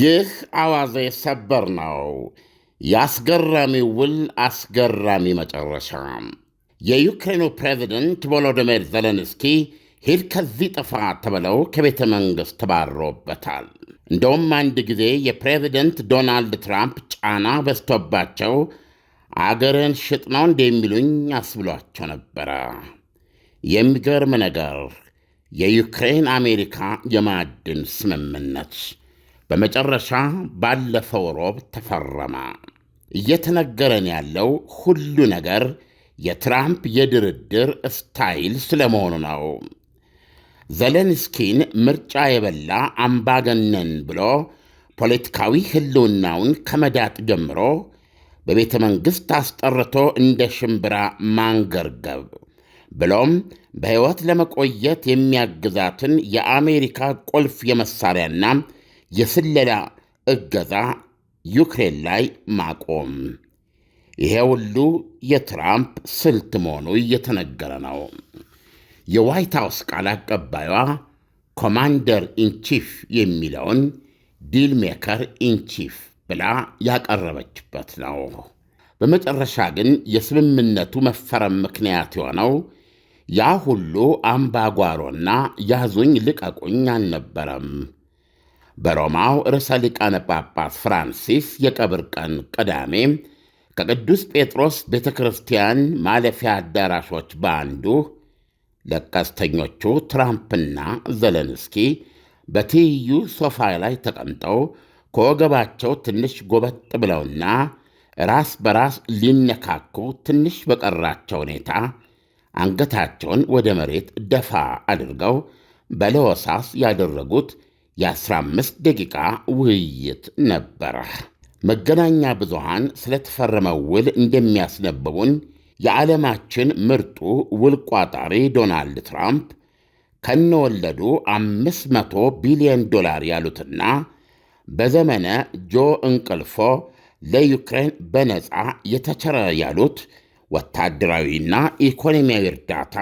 ይህ አዋዜ ሰበር ነው። የአስገራሚው ውል አስገራሚ መጨረሻ። የዩክሬኑ ፕሬዚደንት ቮሎዲሚር ዘለንስኪ ሂድ ከዚህ ጥፋ ተብለው ከቤተ መንግሥት ተባሮበታል። እንደውም አንድ ጊዜ የፕሬዚደንት ዶናልድ ትራምፕ ጫና በዝቶባቸው አገርን ሽጥ ነው አስብሏቸው ነበረ። የሚገርም ነገር የዩክሬን አሜሪካ የማዕድን ስምምነት በመጨረሻ ባለፈው ሮብ ተፈረመ። እየተነገረን ያለው ሁሉ ነገር የትራምፕ የድርድር ስታይል ስለመሆኑ ነው። ዘለንስኪን ምርጫ የበላ አምባገነን ብሎ ፖለቲካዊ ሕልውናውን ከመዳጥ ጀምሮ በቤተ መንግሥት አስጠርቶ እንደ ሽምብራ ማንገርገብ ብሎም በሕይወት ለመቆየት የሚያግዛትን የአሜሪካ ቁልፍ የመሳሪያና የስለላ እገዛ ዩክሬን ላይ ማቆም። ይሄ ሁሉ የትራምፕ ስልት መሆኑ እየተነገረ ነው። የዋይት ሃውስ ቃል አቀባዩዋ ኮማንደር ኢንቺፍ የሚለውን ዲል ሜከር ኢንቺፍ ብላ ያቀረበችበት ነው። በመጨረሻ ግን የስምምነቱ መፈረም ምክንያት የሆነው ያ ሁሉ አምባጓሮና ያዙኝ ልቀቁኝ አልነበረም። በሮማው ርዕሰ ሊቃነ ጳጳስ ፍራንሲስ የቀብር ቀን ቅዳሜ ከቅዱስ ጴጥሮስ ቤተ ክርስቲያን ማለፊያ አዳራሾች በአንዱ ለቀስተኞቹ ትራምፕና ዘለንስኪ በትይዩ ሶፋ ላይ ተቀምጠው ከወገባቸው ትንሽ ጎበጥ ብለውና ራስ በራስ ሊነካኩ ትንሽ በቀራቸው ሁኔታ አንገታቸውን ወደ መሬት ደፋ አድርገው በለወሳስ ያደረጉት የ15 ደቂቃ ውይይት ነበረ። መገናኛ ብዙሃን ስለተፈረመው ውል እንደሚያስነብቡን የዓለማችን ምርጡ ውል ቋጣሪ ዶናልድ ትራምፕ ከነወለዱ 500 ቢሊዮን ዶላር ያሉትና በዘመነ ጆ እንቅልፎ ለዩክሬን በነፃ የተቸረ ያሉት ወታደራዊና ኢኮኖሚያዊ እርዳታ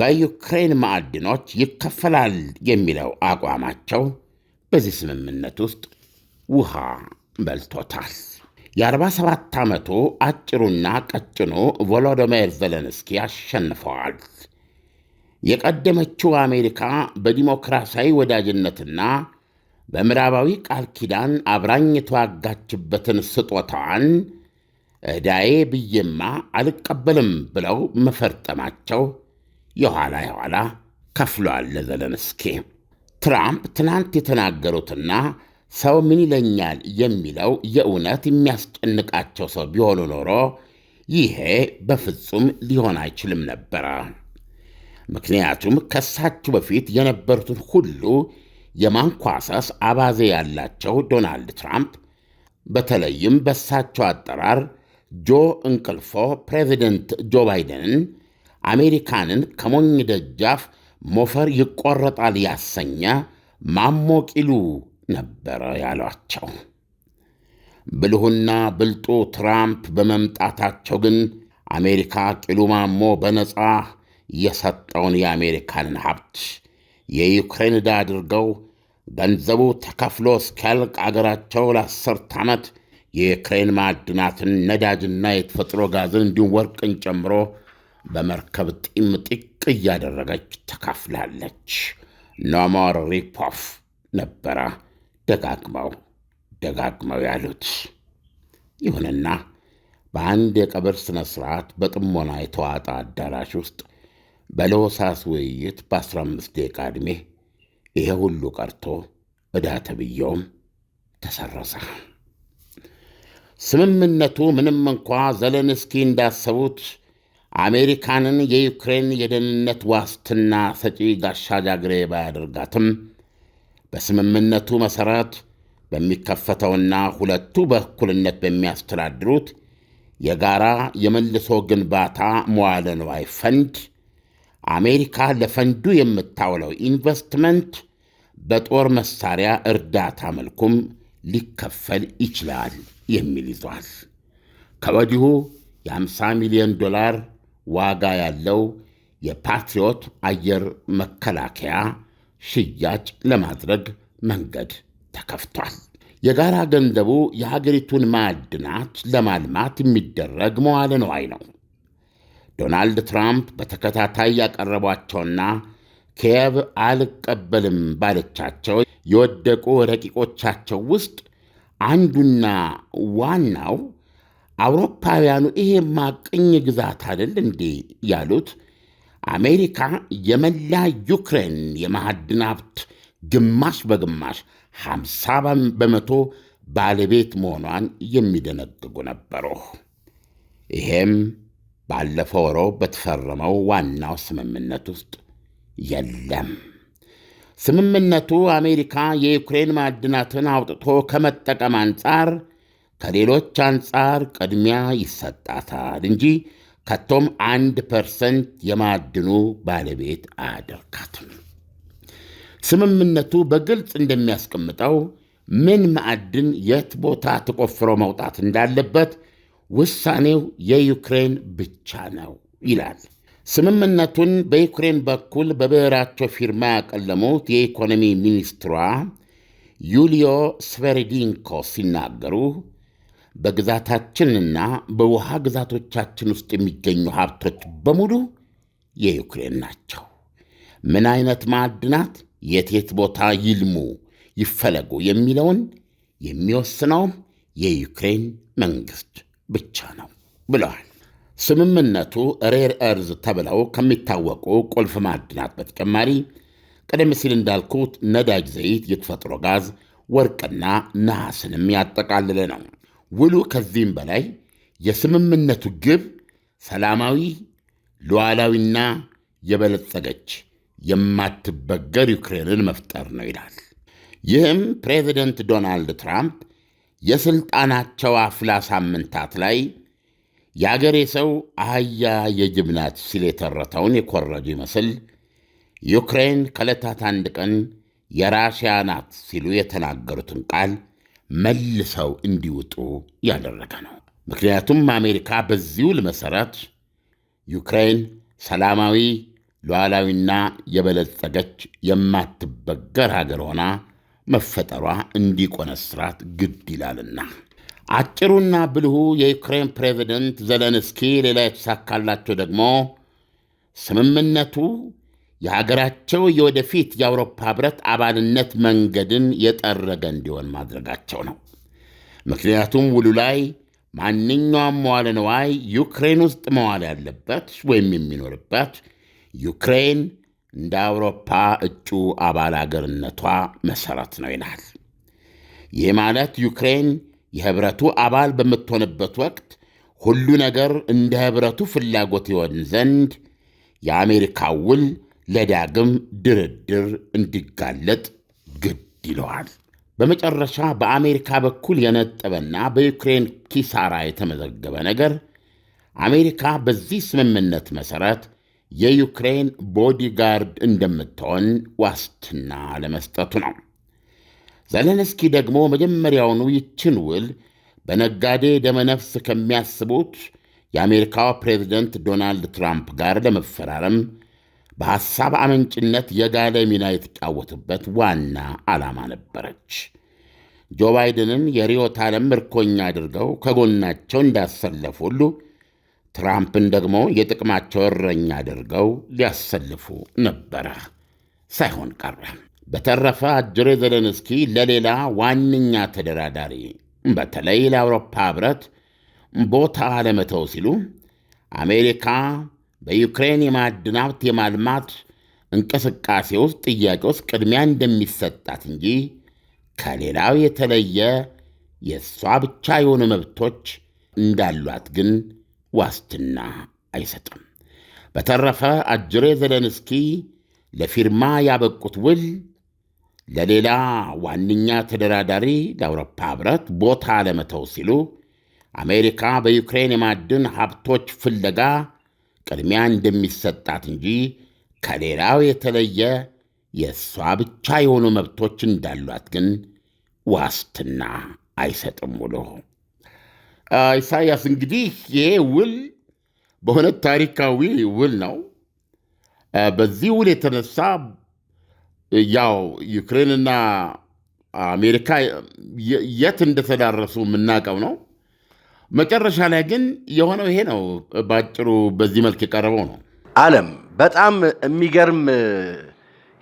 በዩክሬን ማዕድኖች ይከፈላል የሚለው አቋማቸው በዚህ ስምምነት ውስጥ ውሃ በልቶታል። የ47 ዓመቱ አጭሩና ቀጭኑ ቮሎዶሚር ዘለንስኪ አሸንፈዋል። የቀደመችው አሜሪካ በዲሞክራሲያዊ ወዳጅነትና በምዕራባዊ ቃል ኪዳን አብራኝ የተዋጋችበትን ስጦታዋን ዕዳዬ ብዬማ አልቀበልም ብለው መፈርጠማቸው የኋላ የኋላ ከፍሏል ለዘለንስኪ። ትራምፕ ትናንት የተናገሩትና ሰው ምን ይለኛል የሚለው የእውነት የሚያስጨንቃቸው ሰው ቢሆኑ ኖሮ ይሄ በፍጹም ሊሆን አይችልም ነበረ። ምክንያቱም ከሳቸው በፊት የነበሩትን ሁሉ የማንኳሰስ አባዜ ያላቸው ዶናልድ ትራምፕ በተለይም በሳቸው አጠራር ጆ እንቅልፎ ፕሬዚደንት ጆ ባይደንን አሜሪካንን ከሞኝ ደጃፍ ሞፈር ይቆረጣል ያሰኛ ማሞቂሉ ነበረ ያሏቸው። ብልሁና ብልጡ ትራምፕ በመምጣታቸው ግን አሜሪካ ቂሉ ማሞ በነፃ የሰጠውን የአሜሪካንን ሀብት የዩክሬን ዕዳ አድርገው ገንዘቡ ተከፍሎ እስኪያልቅ አገራቸው ለአስርት ዓመት የዩክሬን ማዕድናትን ነዳጅና የተፈጥሮ ጋዝን እንዲሁም ወርቅን ጨምሮ በመርከብ ጢም ጢቅ እያደረገች ተካፍላለች። ኖሞር ሪፖፍ ነበረ ደጋግመው ደጋግመው ያሉት። ይሁንና በአንድ የቀብር ሥነ ሥርዓት በጥሞና የተዋጠ አዳራሽ ውስጥ በለሆሳስ ውይይት በ15 ደቂቃ ዕድሜ ይሄ ሁሉ ቀርቶ ዕዳ ተብዬውም ተሰረሰ። ስምምነቱ ምንም እንኳ ዘለንስኪ እንዳሰቡት አሜሪካንን የዩክሬን የደህንነት ዋስትና ሰጪ ጋሻ ጃግሬ ባያደርጋትም በስምምነቱ መሠረት በሚከፈተውና ሁለቱ በእኩልነት በሚያስተዳድሩት የጋራ የመልሶ ግንባታ መዋለ ንዋይ ፈንድ አሜሪካ ለፈንዱ የምታውለው ኢንቨስትመንት በጦር መሳሪያ እርዳታ መልኩም ሊከፈል ይችላል የሚል ይዟል። ከወዲሁ የ50 ሚሊዮን ዶላር ዋጋ ያለው የፓትሪዮት አየር መከላከያ ሽያጭ ለማድረግ መንገድ ተከፍቷል። የጋራ ገንዘቡ የሀገሪቱን ማዕድናት ለማልማት የሚደረግ መዋለ ነዋይ ነው። ዶናልድ ትራምፕ በተከታታይ ያቀረቧቸውና ኪየቭ አልቀበልም ባለቻቸው የወደቁ ረቂቆቻቸው ውስጥ አንዱና ዋናው አውሮፓውያኑ ይሄማ ቅኝ ግዛት አይደል እንዴ ያሉት አሜሪካ የመላ ዩክሬን የማዕድን ሀብት ግማሽ በግማሽ 50 በመቶ ባለቤት መሆኗን የሚደነግጉ ነበሩ። ይሄም ባለፈው ረቡዕ በተፈረመው ዋናው ስምምነት ውስጥ የለም። ስምምነቱ አሜሪካ የዩክሬን ማዕድናትን አውጥቶ ከመጠቀም አንጻር ከሌሎች አንጻር ቅድሚያ ይሰጣታል እንጂ ከቶም አንድ ፐርሰንት የማዕድኑ ባለቤት አያደርጋትም። ስምምነቱ በግልጽ እንደሚያስቀምጠው ምን ማዕድን የት ቦታ ተቆፍሮ መውጣት እንዳለበት ውሳኔው የዩክሬን ብቻ ነው ይላል። ስምምነቱን በዩክሬን በኩል በብዕራቸው ፊርማ ያቀለሙት የኢኮኖሚ ሚኒስትሯ ዩሊዮ ስቨሪዲንኮ ሲናገሩ በግዛታችንና በውሃ ግዛቶቻችን ውስጥ የሚገኙ ሀብቶች በሙሉ የዩክሬን ናቸው። ምን አይነት ማዕድናት የት የት ቦታ ይልሙ ይፈለጉ የሚለውን የሚወስነውም የዩክሬን መንግሥት ብቻ ነው ብለዋል። ስምምነቱ ሬር እርዝ ተብለው ከሚታወቁ ቁልፍ ማዕድናት በተጨማሪ ቀደም ሲል እንዳልኩት ነዳጅ ዘይት፣ የተፈጥሮ ጋዝ፣ ወርቅና ነሐስንም ያጠቃልለ ነው። ውሉ ከዚህም በላይ የስምምነቱ ግብ ሰላማዊ ሉዓላዊና የበለጸገች የማትበገር ዩክሬንን መፍጠር ነው ይላል። ይህም ፕሬዚደንት ዶናልድ ትራምፕ የሥልጣናቸው አፍላ ሳምንታት ላይ የአገሬ ሰው አህያ የጅብ ናት ሲል የተረተውን የኮረጁ ይመስል ዩክሬን ከዕለታት አንድ ቀን የራሽያ ናት ሲሉ የተናገሩትን ቃል መልሰው እንዲወጡ ያደረገ ነው። ምክንያቱም አሜሪካ በዚህ ውል መሠረት ዩክሬን ሰላማዊ ሉዓላዊና የበለጸገች የማትበገር ሀገር ሆና መፈጠሯ እንዲቆነስራት ግድ ይላልና። አጭሩና ብልሁ የዩክሬን ፕሬዚደንት ዘለንስኪ ሌላ የተሳካላቸው ደግሞ ስምምነቱ የሀገራቸው የወደፊት የአውሮፓ ህብረት አባልነት መንገድን የጠረገ እንዲሆን ማድረጋቸው ነው። ምክንያቱም ውሉ ላይ ማንኛውም መዋለ ነዋይ ዩክሬን ውስጥ መዋል ያለበት ወይም የሚኖርበት ዩክሬን እንደ አውሮፓ እጩ አባል አገርነቷ መሠረት ነው ይላል። ይህ ማለት ዩክሬን የህብረቱ አባል በምትሆንበት ወቅት ሁሉ ነገር እንደ ህብረቱ ፍላጎት ይሆን ዘንድ የአሜሪካ ውል ለዳግም ድርድር እንዲጋለጥ ግድ ይለዋል። በመጨረሻ በአሜሪካ በኩል የነጠበና በዩክሬን ኪሳራ የተመዘገበ ነገር አሜሪካ በዚህ ስምምነት መሠረት የዩክሬን ቦዲጋርድ እንደምትሆን ዋስትና ለመስጠቱ ነው። ዘለንስኪ ደግሞ መጀመሪያውኑ ይችን ውል በነጋዴ ደመነፍስ ከሚያስቡት የአሜሪካው ፕሬዚደንት ዶናልድ ትራምፕ ጋር ለመፈራረም በሐሳብ አመንጭነት የጋለ ሚና የተጫወቱበት ዋና ዓላማ ነበረች። ጆ ባይደንን የሪዮት ዓለም ምርኮኛ አድርገው ከጎናቸው እንዳሰለፉ ሁሉ ትራምፕን ደግሞ የጥቅማቸው እረኛ አድርገው ሊያሰልፉ ነበረ፣ ሳይሆን ቀረ። በተረፈ አጅሬ ዘለንስኪ ለሌላ ዋነኛ ተደራዳሪ በተለይ ለአውሮፓ ኅብረት ቦታ ለመተው ሲሉ አሜሪካ በዩክሬን የማዕድን ሀብት የማልማት እንቅስቃሴ ውስጥ ጥያቄ ውስጥ ቅድሚያ እንደሚሰጣት እንጂ ከሌላው የተለየ የእሷ ብቻ የሆኑ መብቶች እንዳሏት ግን ዋስትና አይሰጥም። በተረፈ አጅሬ ዘለንስኪ ለፊርማ ያበቁት ውል ለሌላ ዋነኛ ተደራዳሪ ለአውሮፓ ኅብረት ቦታ ለመተው ሲሉ አሜሪካ በዩክሬን የማዕድን ሀብቶች ፍለጋ ቅድሚያ እንደሚሰጣት እንጂ ከሌላው የተለየ የእሷ ብቻ የሆኑ መብቶች እንዳሏት ግን ዋስትና አይሰጥም ውሎ። ኢሳያስ እንግዲህ ይሄ ውል በእውነት ታሪካዊ ውል ነው። በዚህ ውል የተነሳ ያው ዩክሬንና አሜሪካ የት እንደተዳረሱ የምናውቀው ነው። መጨረሻ ላይ ግን የሆነው ይሄ ነው። በአጭሩ በዚህ መልክ የቀረበው ነው። አለም በጣም የሚገርም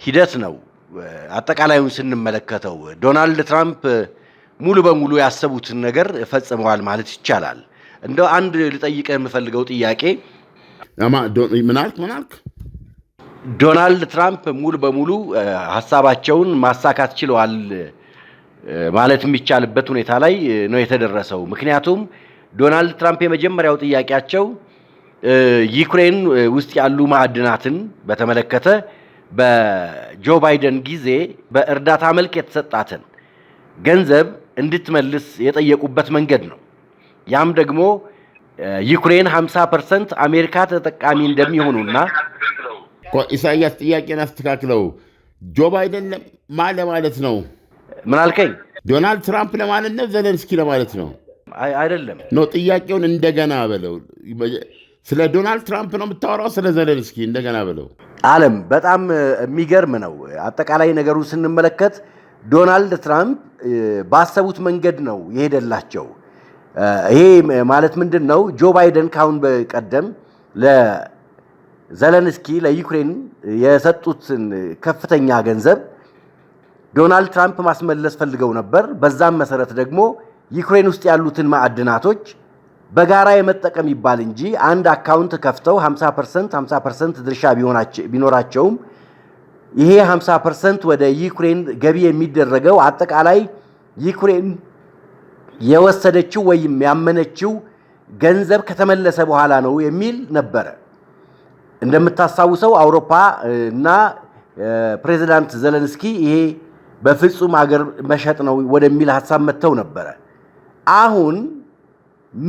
ሂደት ነው። አጠቃላዩን ስንመለከተው ዶናልድ ትራምፕ ሙሉ በሙሉ ያሰቡትን ነገር ፈጽመዋል ማለት ይቻላል። እንደው አንድ ልጠይቀ የምፈልገው ጥያቄ ምናልክ ምናልክ ዶናልድ ትራምፕ ሙሉ በሙሉ ሀሳባቸውን ማሳካት ችለዋል ማለት የሚቻልበት ሁኔታ ላይ ነው የተደረሰው። ምክንያቱም ዶናልድ ትራምፕ የመጀመሪያው ጥያቄያቸው ዩክሬን ውስጥ ያሉ ማዕድናትን በተመለከተ በጆ ባይደን ጊዜ በእርዳታ መልክ የተሰጣትን ገንዘብ እንድትመልስ የጠየቁበት መንገድ ነው። ያም ደግሞ ዩክሬን 50 ፐርሰንት አሜሪካ ተጠቃሚ እንደሚሆኑና ኢሳያስ ጥያቄን አስተካክለው ጆ ባይደን ማ ለማለት ነው? ምን አልከኝ? ዶናልድ ትራምፕ ለማለት ነው? ዘለንስኪ ለማለት ነው? አይደለም። ኖ ጥያቄውን እንደገና በለው። ስለ ዶናልድ ትራምፕ ነው የምታወራው? ስለ ዘለንስኪ እንደገና በለው። አለም በጣም የሚገርም ነው። አጠቃላይ ነገሩ ስንመለከት ዶናልድ ትራምፕ ባሰቡት መንገድ ነው የሄደላቸው። ይሄ ማለት ምንድን ነው? ጆ ባይደን ካሁን በቀደም ለዘለንስኪ ለዩክሬን የሰጡትን ከፍተኛ ገንዘብ ዶናልድ ትራምፕ ማስመለስ ፈልገው ነበር። በዛም መሰረት ደግሞ ዩክሬን ውስጥ ያሉትን ማዕድናቶች በጋራ የመጠቀም ይባል እንጂ አንድ አካውንት ከፍተው 50% 50% ድርሻ ቢኖራቸውም ይሄ 50% ወደ ዩክሬን ገቢ የሚደረገው አጠቃላይ ዩክሬን የወሰደችው ወይም ያመነችው ገንዘብ ከተመለሰ በኋላ ነው የሚል ነበረ። እንደምታስታውሰው አውሮፓ እና ፕሬዚዳንት ዘለንስኪ ይሄ በፍጹም አገር መሸጥ ነው ወደሚል ሀሳብ መጥተው ነበረ። አሁን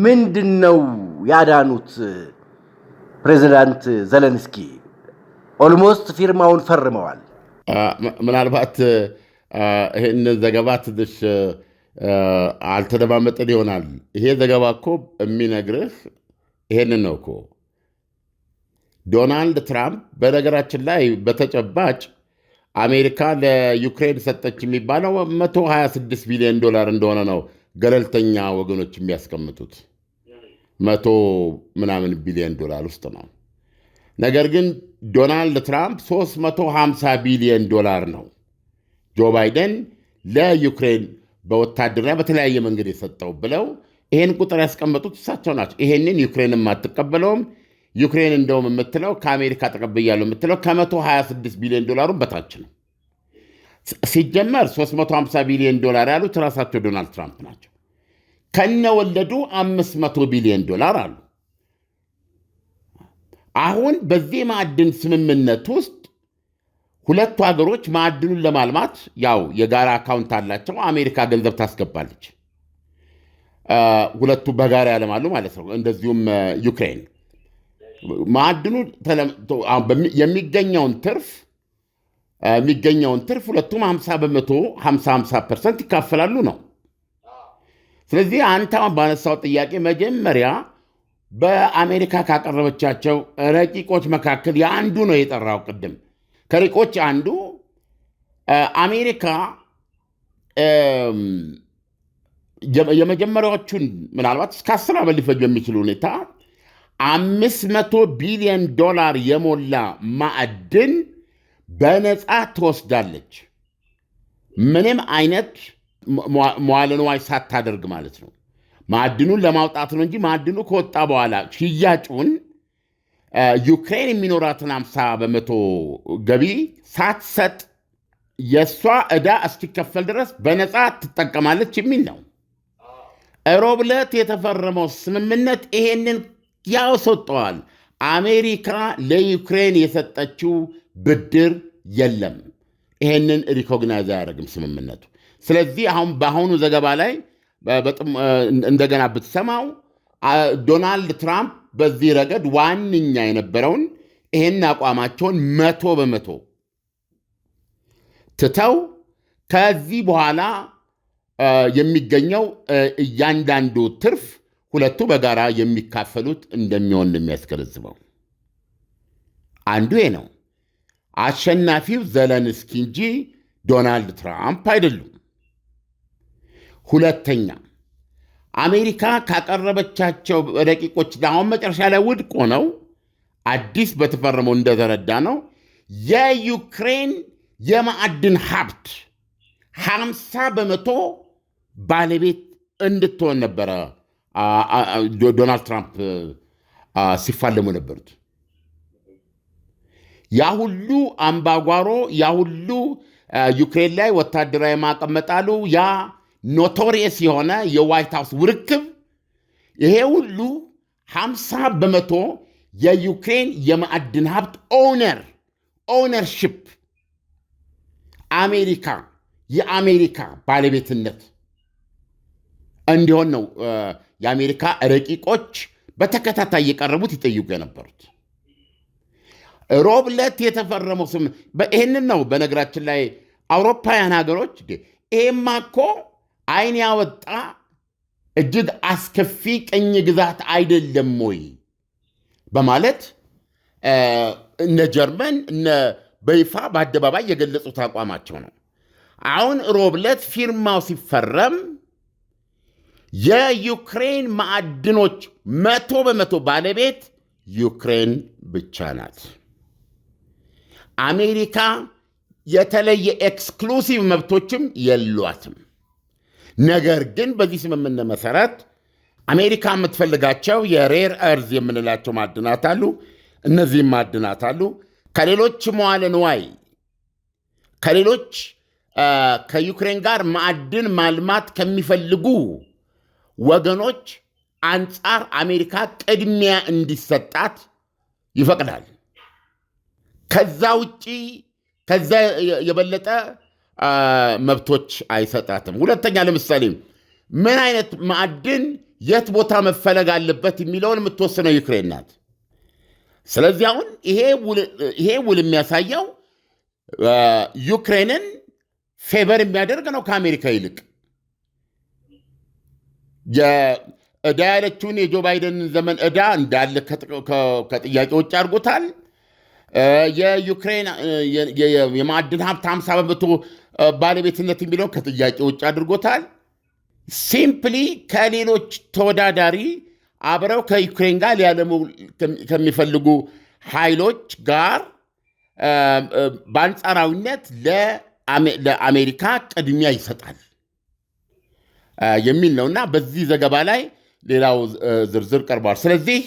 ምንድን ነው ያዳኑት? ፕሬዚዳንት ዘለንስኪ ኦልሞስት ፊርማውን ፈርመዋል። ምናልባት ይህንን ዘገባ ትንሽ አልተደማመጥን ይሆናል። ይሄ ዘገባ እኮ የሚነግርህ ይሄንን ነው እኮ ዶናልድ ትራምፕ። በነገራችን ላይ በተጨባጭ አሜሪካ ለዩክሬን ሰጠች የሚባለው 126 ቢሊዮን ዶላር እንደሆነ ነው ገለልተኛ ወገኖች የሚያስቀምጡት መቶ ምናምን ቢሊዮን ዶላር ውስጥ ነው። ነገር ግን ዶናልድ ትራምፕ 350 ቢሊዮን ዶላር ነው ጆ ባይደን ለዩክሬን በወታደሪያ በተለያየ መንገድ የሰጠው ብለው ይሄን ቁጥር ያስቀመጡት እሳቸው ናቸው። ይሄንን ዩክሬንም አትቀበለውም። ዩክሬን እንደውም የምትለው ከአሜሪካ ተቀብያለሁ የምትለው ከ126 ቢሊዮን ዶላሩን በታች ነው። ሲጀመር 350 ቢሊዮን ዶላር ያሉት ራሳቸው ዶናልድ ትራምፕ ናቸው። ከነ ወለዱ 500 ቢሊዮን ዶላር አሉ። አሁን በዚህ ማዕድን ስምምነት ውስጥ ሁለቱ ሀገሮች ማዕድኑን ለማልማት ያው የጋራ አካውንት አላቸው። አሜሪካ ገንዘብ ታስገባለች። ሁለቱ በጋራ ያለማሉ ማለት ነው። እንደዚሁም ዩክሬን ማዕድኑ የሚገኘውን ትርፍ የሚገኘውን ትርፍ ሁለቱም 50 በመቶ 50 ፐርሰንት ይካፈላሉ ነው። ስለዚህ አንተ ባነሳው ጥያቄ መጀመሪያ በአሜሪካ ካቀረበቻቸው ረቂቆች መካከል የአንዱ ነው የጠራው ቅድም ከሪቆች አንዱ አሜሪካ የመጀመሪያዎቹን ምናልባት እስከ አስር ዓመት ሊፈጁ የሚችል ሁኔታ አምስት መቶ ቢሊዮን ዶላር የሞላ ማዕድን በነፃ ትወስዳለች። ምንም አይነት መዋለ ንዋይ ሳታደርግ ማለት ነው። ማዕድኑን ለማውጣት ነው እንጂ ማዕድኑ ከወጣ በኋላ ሽያጩን ዩክሬን የሚኖራትን አምሳ በመቶ ገቢ ሳትሰጥ የእሷ ዕዳ እስኪከፈል ድረስ በነፃ ትጠቀማለች የሚል ነው። ሮብ ዕለት የተፈረመው ስምምነት ይሄንን ያስወጠዋል። አሜሪካ ለዩክሬን የሰጠችው ብድር የለም። ይሄንን ሪኮግናይዝ አያደርግም ስምምነቱ። ስለዚህ አሁን በአሁኑ ዘገባ ላይ እንደገና ብትሰማው ዶናልድ ትራምፕ በዚህ ረገድ ዋነኛ የነበረውን ይሄን አቋማቸውን መቶ በመቶ ትተው ከዚህ በኋላ የሚገኘው እያንዳንዱ ትርፍ ሁለቱ በጋራ የሚካፈሉት እንደሚሆን የሚያስገነዝበው አንዱ ነው። አሸናፊው ዘለንስኪ እንጂ ዶናልድ ትራምፕ አይደሉም። ሁለተኛ አሜሪካ ካቀረበቻቸው ረቂቆች አሁን መጨረሻ ላይ ውድቅ ሆነው አዲስ በተፈረመው እንደተረዳ ነው የዩክሬን የማዕድን ሀብት ሀምሳ በመቶ ባለቤት እንድትሆን ነበረ ዶናልድ ትራምፕ ሲፋለሙ ነበሩት። ያ ሁሉ አምባጓሮ፣ ያ ሁሉ ዩክሬን ላይ ወታደራዊ ማቀመጣሉ፣ ያ ኖቶሪየስ የሆነ የዋይት ሃውስ ውርክብ፣ ይሄ ሁሉ 50 በመቶ የዩክሬን የማዕድን ሀብት ኦነር ኦነርሽፕ አሜሪካ የአሜሪካ ባለቤትነት እንዲሆን ነው የአሜሪካ ረቂቆች በተከታታይ የቀረቡት ይጠይቁ የነበሩት። ሮብ ዕለት የተፈረመው ስም ይህንን ነው። በነገራችን ላይ አውሮፓውያን ሀገሮች ይሄማ እኮ አይን ያወጣ እጅግ አስከፊ ቅኝ ግዛት አይደለም ወይ በማለት እነ ጀርመን እነ በይፋ በአደባባይ የገለጹት አቋማቸው ነው። አሁን ሮብለት ፊርማው ሲፈረም የዩክሬን ማዕድኖች መቶ በመቶ ባለቤት ዩክሬን ብቻ ናት። አሜሪካ የተለየ ኤክስክሉሲቭ መብቶችም የሏትም። ነገር ግን በዚህ ስምምነት መሰረት አሜሪካ የምትፈልጋቸው የሬር እርዝ የምንላቸው ማዕድናት አሉ። እነዚህም ማዕድናት አሉ ከሌሎች መዋለ ንዋይ ከሌሎች ከዩክሬን ጋር ማዕድን ማልማት ከሚፈልጉ ወገኖች አንጻር አሜሪካ ቅድሚያ እንዲሰጣት ይፈቅዳል። ከዛ ውጪ ከዛ የበለጠ መብቶች አይሰጣትም። ሁለተኛ ለምሳሌ ምን አይነት ማዕድን የት ቦታ መፈለግ አለበት የሚለውን የምትወስነው ዩክሬን ናት። ስለዚህ አሁን ይሄ ውል የሚያሳየው ዩክሬንን ፌቨር የሚያደርግ ነው ከአሜሪካ ይልቅ እዳ ያለችውን የጆ ባይደን ዘመን እዳ እንዳለ ከጥያቄ ውጭ አድርጎታል። የዩክሬን የማዕድን ሀብት 50 በመቶ ባለቤትነት የሚለው ከጥያቄ ውጭ አድርጎታል። ሲምፕሊ ከሌሎች ተወዳዳሪ አብረው ከዩክሬን ጋር ሊያለሙ ከሚፈልጉ ኃይሎች ጋር በአንጻራዊነት ለአሜሪካ ቅድሚያ ይሰጣል የሚል ነው እና በዚህ ዘገባ ላይ ሌላው ዝርዝር ቀርቧል። ስለዚህ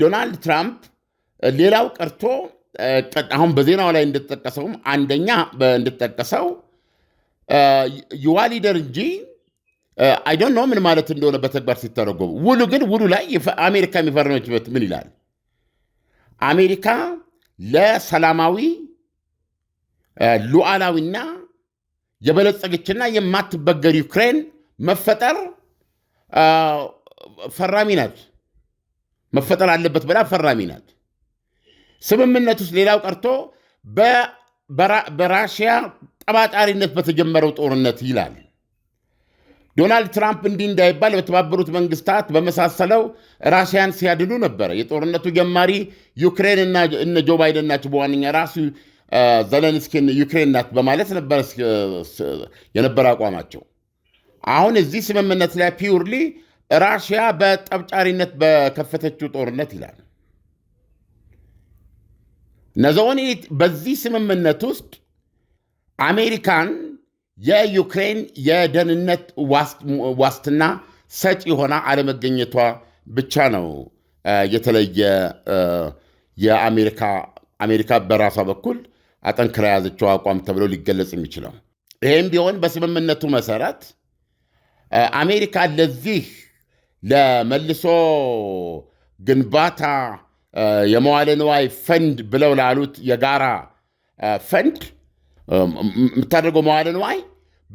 ዶናልድ ትራምፕ ሌላው ቀርቶ አሁን በዜናው ላይ እንደተጠቀሰውም አንደኛ እንደተጠቀሰው ዩዋሊደር እንጂ አይዶን ነው ምን ማለት እንደሆነ በተግባር ሲተረጎሙ ውሉ ግን ውሉ ላይ አሜሪካ የሚፈረመችበት ምን ይላል? አሜሪካ ለሰላማዊ ሉዓላዊና የበለጸገችና የማትበገር ዩክሬን መፈጠር ፈራሚ ናት፣ መፈጠር አለበት ብላ ፈራሚ ናት። ስምምነት ውስጥ ሌላው ቀርቶ በራሽያ ጠባጣሪነት በተጀመረው ጦርነት ይላል። ዶናልድ ትራምፕ እንዲህ እንዳይባል በተባበሩት መንግስታት በመሳሰለው ራሽያን ሲያድሉ ነበረ። የጦርነቱ ጀማሪ ዩክሬን እና እነ ጆ ባይደን ናቸው። በዋነኛ ራሱ ዘለንስኪን ዩክሬን ናት በማለት የነበረ አቋማቸው። አሁን እዚህ ስምምነት ላይ ፒውርሊ ራሽያ በጠብጫሪነት በከፈተችው ጦርነት ይላል። ነዘሆን በዚህ ስምምነት ውስጥ አሜሪካን የዩክሬን የደህንነት ዋስትና ሰጪ ሆና አለመገኘቷ ብቻ ነው የተለየ የአሜሪካ አሜሪካ በራሷ በኩል አጠንክራ የያዘችው አቋም ተብሎ ሊገለጽ የሚችለው። ይህም ቢሆን በስምምነቱ መሰረት አሜሪካ ለዚህ ለመልሶ ግንባታ የመዋለ ንዋይ ፈንድ ብለው ላሉት የጋራ ፈንድ የምታደርገው መዋለ ንዋይ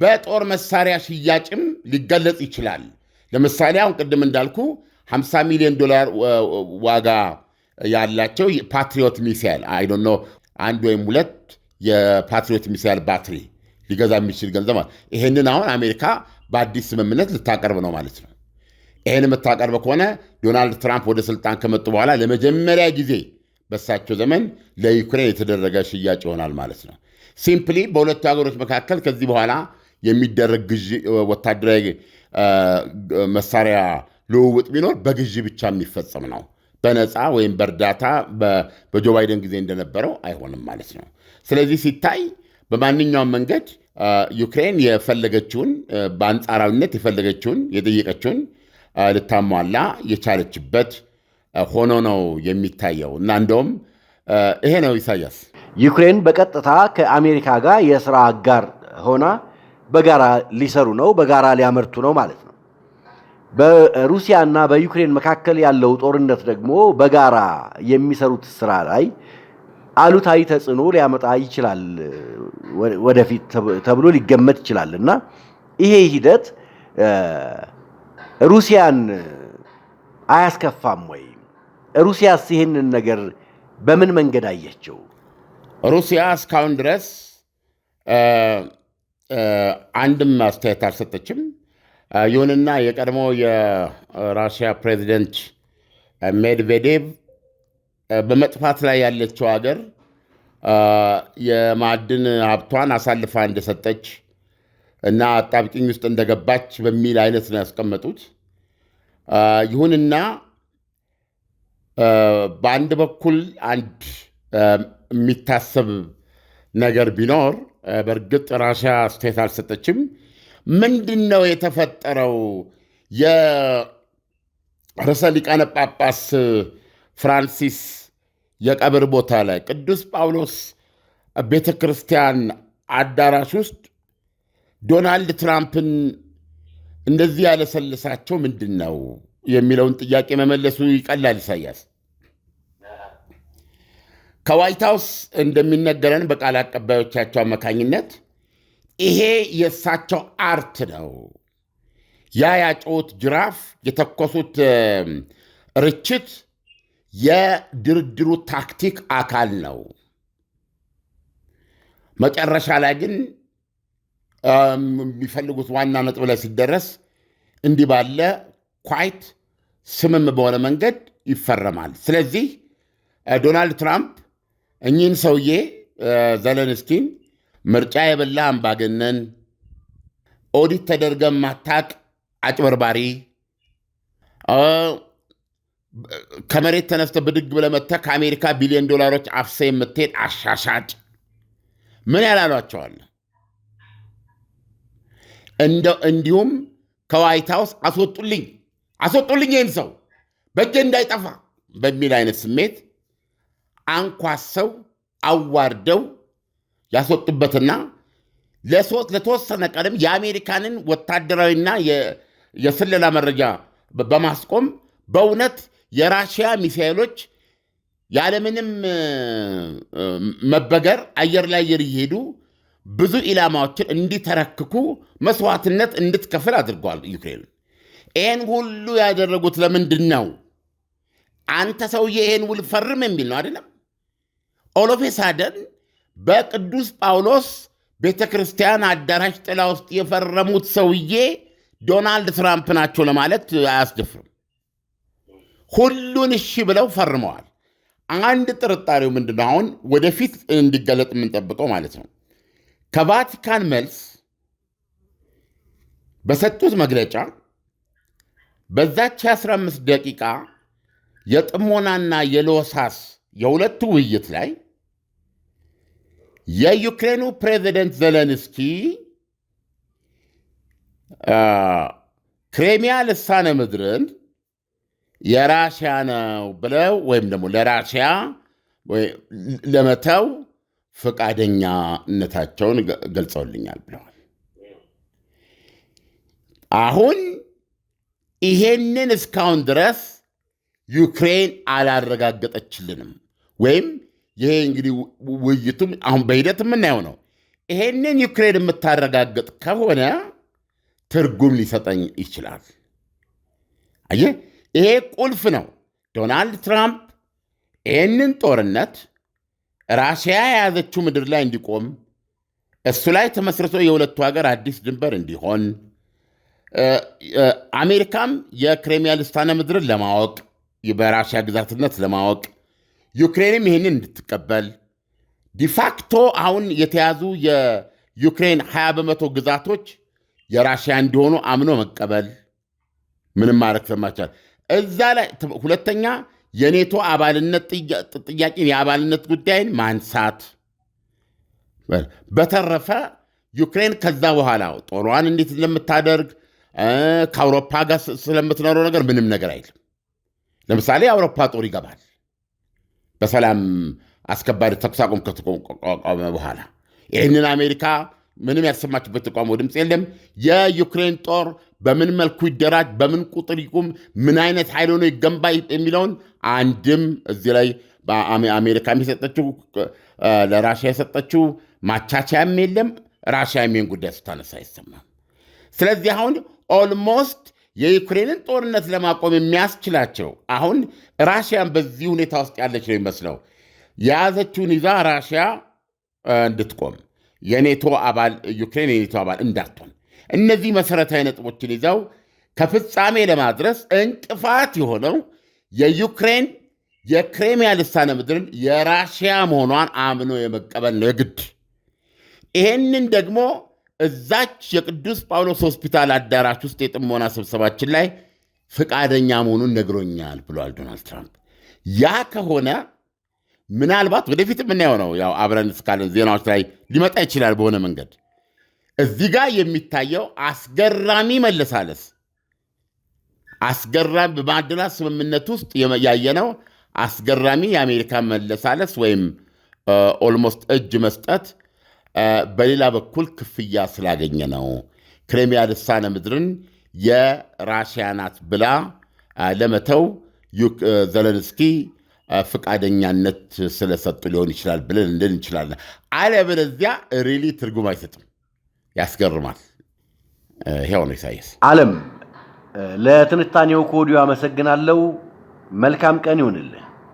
በጦር መሳሪያ ሽያጭም ሊገለጽ ይችላል። ለምሳሌ አሁን ቅድም እንዳልኩ 50 ሚሊዮን ዶላር ዋጋ ያላቸው ፓትሪዮት ሚሳይል አይ ዶንት ኖ አንድ ወይም ሁለት የፓትሪዮት ሚሳይል ባትሪ ሊገዛ የሚችል ገንዘብ ይሄንን አሁን አሜሪካ በአዲስ ስምምነት ልታቀርብ ነው ማለት ነው። ይህን የምታቀርበው ከሆነ ዶናልድ ትራምፕ ወደ ስልጣን ከመጡ በኋላ ለመጀመሪያ ጊዜ በሳቸው ዘመን ለዩክሬን የተደረገ ሽያጭ ይሆናል ማለት ነው። ሲምፕሊ በሁለቱ ሀገሮች መካከል ከዚህ በኋላ የሚደረግ ግዢ ወታደራዊ መሳሪያ ልውውጥ ቢኖር በግዢ ብቻ የሚፈጸም ነው። በነፃ ወይም በእርዳታ በጆ ባይደን ጊዜ እንደነበረው አይሆንም ማለት ነው። ስለዚህ ሲታይ በማንኛውም መንገድ ዩክሬን የፈለገችውን በአንጻራዊነት የፈለገችውን የጠየቀችውን ልታሟላ የቻለችበት ሆኖ ነው የሚታየው እና እንደውም ይሄ ነው ኢሳያስ ዩክሬን በቀጥታ ከአሜሪካ ጋር የስራ አጋር ሆና በጋራ ሊሰሩ ነው፣ በጋራ ሊያመርቱ ነው ማለት ነው። በሩሲያና በዩክሬን መካከል ያለው ጦርነት ደግሞ በጋራ የሚሰሩት ስራ ላይ አሉታዊ ተጽዕኖ ሊያመጣ ይችላል ወደፊት ተብሎ ሊገመት ይችላል እና ይሄ ሂደት ሩሲያን አያስከፋም ወይ? ሩሲያስ ይህንን ነገር በምን መንገድ አየችው? ሩሲያ እስካሁን ድረስ አንድም አስተያየት አልሰጠችም። ይሁንና የቀድሞ የራሽያ ፕሬዚደንት ሜድቬዴቭ በመጥፋት ላይ ያለችው ሀገር የማዕድን ሀብቷን አሳልፋ እንደሰጠች እና አጣብቂኝ ውስጥ እንደገባች በሚል አይነት ነው ያስቀመጡት። ይሁንና በአንድ በኩል አንድ የሚታሰብ ነገር ቢኖር በእርግጥ ራሽያ ስቴት አልሰጠችም። ምንድን ነው የተፈጠረው? የርዕሰ ሊቃነ ጳጳስ ፍራንሲስ የቀብር ቦታ ላይ ቅዱስ ጳውሎስ ቤተ ክርስቲያን አዳራሽ ውስጥ ዶናልድ ትራምፕን እንደዚህ ያለሰልሳቸው ምንድን ነው የሚለውን ጥያቄ መመለሱ ይቀላል። ኢሳያስ ከዋይት ሀውስ እንደሚነገረን በቃል አቀባዮቻቸው አማካኝነት ይሄ የእሳቸው አርት ነው። ያ ያጨውት ጅራፍ፣ የተኮሱት ርችት የድርድሩ ታክቲክ አካል ነው። መጨረሻ ላይ ግን የሚፈልጉት ዋና ነጥብ ላይ ሲደረስ እንዲህ ባለ ኳይት ስምም በሆነ መንገድ ይፈረማል። ስለዚህ ዶናልድ ትራምፕ እኚህን ሰውዬ ዘለንስኪን ምርጫ የበላ አምባገነን፣ ኦዲት ተደርገ ማታቅ አጭበርባሪ፣ ከመሬት ተነስተ ብድግ ብለመተ ከአሜሪካ ቢሊዮን ዶላሮች አፍሰ የምትሄድ አሻሻጭ ምን ያላሏቸዋል? እንዲሁም ከዋይት ሀውስ አስወጡልኝ አስወጡልኝ ይህን ሰው በእጄ እንዳይጠፋ በሚል አይነት ስሜት አንኳሰው አዋርደው ያስወጡበትና ለተወሰነ ቀንም የአሜሪካንን ወታደራዊና የስለላ መረጃ በማስቆም በእውነት የራሽያ ሚሳይሎች ያለምንም መበገር አየር ለአየር እየሄዱ ብዙ ኢላማዎችን እንዲተረክኩ መስዋዕትነት እንድትከፍል አድርጓል ዩክሬን። ይህን ሁሉ ያደረጉት ለምንድን ነው? አንተ ሰውዬ ይህን ውል ፈርም የሚል ነው አይደለም። ኦሎፌሳደን በቅዱስ ጳውሎስ ቤተ ክርስቲያን አዳራሽ ጥላ ውስጥ የፈረሙት ሰውዬ ዶናልድ ትራምፕ ናቸው ለማለት አያስደፍርም። ሁሉን እሺ ብለው ፈርመዋል። አንድ ጥርጣሬው ምንድነው አሁን ወደፊት እንዲገለጥ የምንጠብቀው ማለት ነው ከቫቲካን መልስ በሰጡት መግለጫ በዛች 15 ደቂቃ የጥሞናና የሎሳስ የሁለቱ ውይይት ላይ የዩክሬኑ ፕሬዚደንት ዘለንስኪ ክሬሚያ ልሳነ ምድርን የራሽያ ነው ብለው ወይም ደግሞ ለራሽያ ለመተው ፈቃደኛነታቸውን ገልጸውልኛል ብለዋል። አሁን ይሄንን እስካሁን ድረስ ዩክሬን አላረጋገጠችልንም ወይም ይሄ እንግዲህ ውይይቱም አሁን በሂደት የምናየው ነው። ይሄንን ዩክሬን የምታረጋግጥ ከሆነ ትርጉም ሊሰጠኝ ይችላል። አየህ፣ ይሄ ቁልፍ ነው። ዶናልድ ትራምፕ ይህንን ጦርነት ራሽያ የያዘችው ምድር ላይ እንዲቆም እሱ ላይ ተመስርቶ የሁለቱ ሀገር አዲስ ድንበር እንዲሆን አሜሪካም የክሬሚያ ልሳነ ምድርን ለማወቅ በራሽያ ግዛትነት ለማወቅ ዩክሬንም ይህንን እንድትቀበል ዲፋክቶ አሁን የተያዙ የዩክሬን 20 በመቶ ግዛቶች የራሽያ እንዲሆኑ አምኖ መቀበል ምንም ማድረግ ሰማቻል እዛ ላይ ሁለተኛ የኔቶ አባልነት ጥያቄ የአባልነት ጉዳይን ማንሳት። በተረፈ ዩክሬን ከዛ በኋላ ጦሯን እንዴት እንደምታደርግ ከአውሮፓ ጋር ስለምትኖረው ነገር ምንም ነገር አይልም። ለምሳሌ የአውሮፓ ጦር ይገባል በሰላም አስከባሪ ተኩስ አቁም ከተቋቋመ በኋላ ይህንን አሜሪካ ምንም ያሰማችበት ተቋሞ ድምፅ የለም። የዩክሬን ጦር በምን መልኩ ይደራጅ፣ በምን ቁጥር ይቁም፣ ምን አይነት ኃይል ሆኖ ይገንባ የሚለውን አንድም እዚህ ላይ አሜሪካ የሰጠችው ለራሽያ የሰጠችው ማቻቻያም የለም። ራሽያ የሚን ጉዳይ ስታነሳ አይሰማም። ስለዚህ አሁን ኦልሞስት የዩክሬንን ጦርነት ለማቆም የሚያስችላቸው አሁን ራሽያን በዚህ ሁኔታ ውስጥ ያለች ነው ይመስለው የያዘችውን ይዛ ራሽያ እንድትቆም የኔቶ አባል ዩክሬን የኔቶ አባል እንዳትሆን እነዚህ መሠረታዊ ነጥቦችን ይዘው ከፍጻሜ ለማድረስ እንቅፋት የሆነው የዩክሬን የክሬሚያ ልሳነ ምድርን የራሽያ መሆኗን አምኖ የመቀበል ነው የግድ። ይሄንን ደግሞ እዛች የቅዱስ ጳውሎስ ሆስፒታል አዳራሽ ውስጥ የጥሞና ስብሰባችን ላይ ፈቃደኛ መሆኑን ነግሮኛል ብሏል ዶናልድ ትራምፕ። ያ ከሆነ ምናልባት ወደፊት የምናየው ነው። ያው አብረን እስካለን ዜናዎች ላይ ሊመጣ ይችላል በሆነ መንገድ እዚህ ጋር የሚታየው አስገራሚ መለሳለስ አስገራሚ በማዕድናት ስምምነት ውስጥ ያየነው አስገራሚ የአሜሪካ መለሳለስ ወይም ኦልሞስት እጅ መስጠት በሌላ በኩል ክፍያ ስላገኘ ነው። ክሬሚያ ልሳነ ምድርን የራሽያ ናት ብላ ለመተው ዘለንስኪ ፈቃደኛነት ስለሰጡ ሊሆን ይችላል ብለን እንችላለን። አለበለዚያ ሪሊ ትርጉም አይሰጥም። ያስገርማል። ይኸው ነው ኢሳያስ አለም። ለትንታኔው ከወዲሁ አመሰግናለሁ። መልካም ቀን ይሁንልህ።